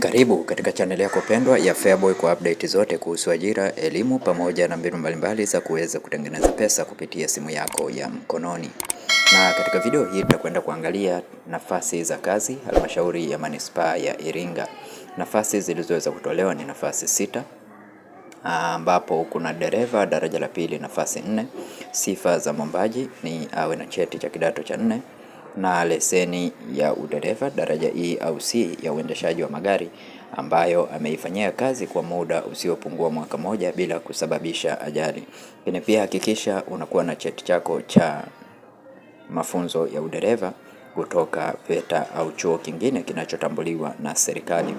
Karibu katika chaneli yako pendwa ya Feaboy kwa update zote kuhusu ajira, elimu pamoja na mbinu mbalimbali za kuweza kutengeneza pesa kupitia simu yako ya mkononi. Na katika video hii tutakwenda kuangalia nafasi za kazi halmashauri ya manispaa ya Iringa. Nafasi zilizoweza kutolewa ni nafasi sita ambapo kuna dereva daraja la pili nafasi nne. Sifa za mwombaji ni awe na cheti cha kidato cha nne na leseni ya udereva daraja E au C ya uendeshaji wa magari ambayo ameifanyia kazi kwa muda usiopungua mwaka moja bila kusababisha ajali. Lakini pia hakikisha unakuwa na cheti chako cha mafunzo ya udereva kutoka VETA au chuo kingine kinachotambuliwa na serikali.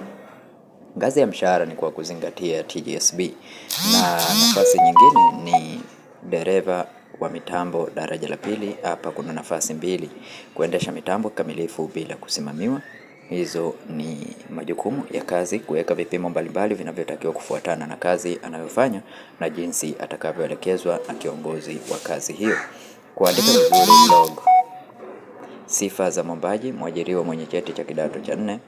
Ngazi ya mshahara ni kwa kuzingatia TGSB na nafasi nyingine ni dereva wa mitambo daraja la pili, hapa kuna nafasi mbili: kuendesha mitambo kikamilifu bila kusimamiwa. Hizo ni majukumu ya kazi, kuweka vipimo mbalimbali vinavyotakiwa kufuatana na kazi anayofanya na jinsi atakavyoelekezwa na kiongozi wa kazi hiyo. Kuandika vizuri log. Sifa za mwombaji: mwajiriwa mwenye cheti cha kidato cha nne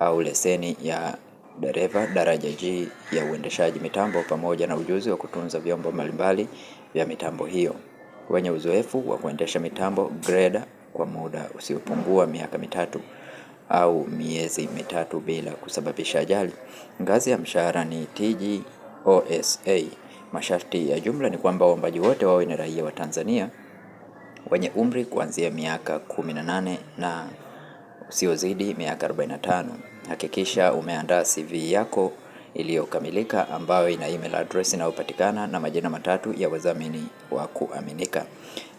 au leseni ya dereva daraja G ya uendeshaji mitambo pamoja na ujuzi wa kutunza vyombo mbalimbali vya mitambo hiyo, wenye uzoefu wa kuendesha mitambo greda kwa muda usiopungua miaka mitatu au miezi mitatu bila kusababisha ajali. Ngazi ya mshahara ni TGOSA. Masharti ya jumla ni kwamba waombaji wote wawe ni raia wa Tanzania wenye umri kuanzia miaka 18 na usiozidi miaka 45. Hakikisha umeandaa CV yako iliyokamilika ambayo ina email address inayopatikana na majina matatu ya wadhamini wa kuaminika.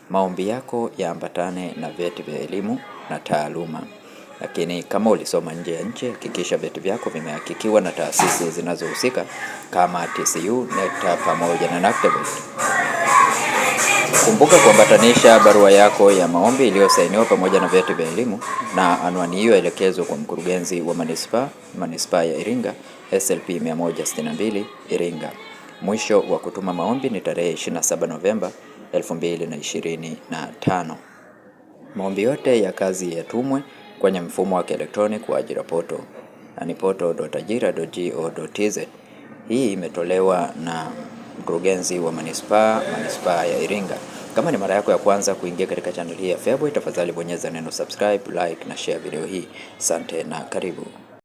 Maombi yako yaambatane na vyeti vya elimu na taaluma. Lakini kama ulisoma nje ya nchi, hakikisha vyeti vyako vimehakikiwa na taasisi zinazohusika kama TCU, NECTA pamoja na NACTVET. Kumbuka kuambatanisha barua yako ya maombi iliyosainiwa pamoja na vyeti vya elimu na anwani hiyo elekezwe kwa Mkurugenzi wa Manispaa, Manispaa ya Iringa, SLP 162 Iringa. Mwisho wa kutuma maombi ni tarehe 27 Novemba 2025. Maombi yote ya kazi yatumwe kwenye mfumo wa kielektroniki wa ajira poto, yani poto.ajira.go.tz. Hii imetolewa na mkurugenzi wa manispaa manispaa ya Iringa. Kama ni mara yako ya kwanza kuingia katika channel hii ya Feaboy, tafadhali bonyeza neno subscribe, like na share video hii. Asante na karibu.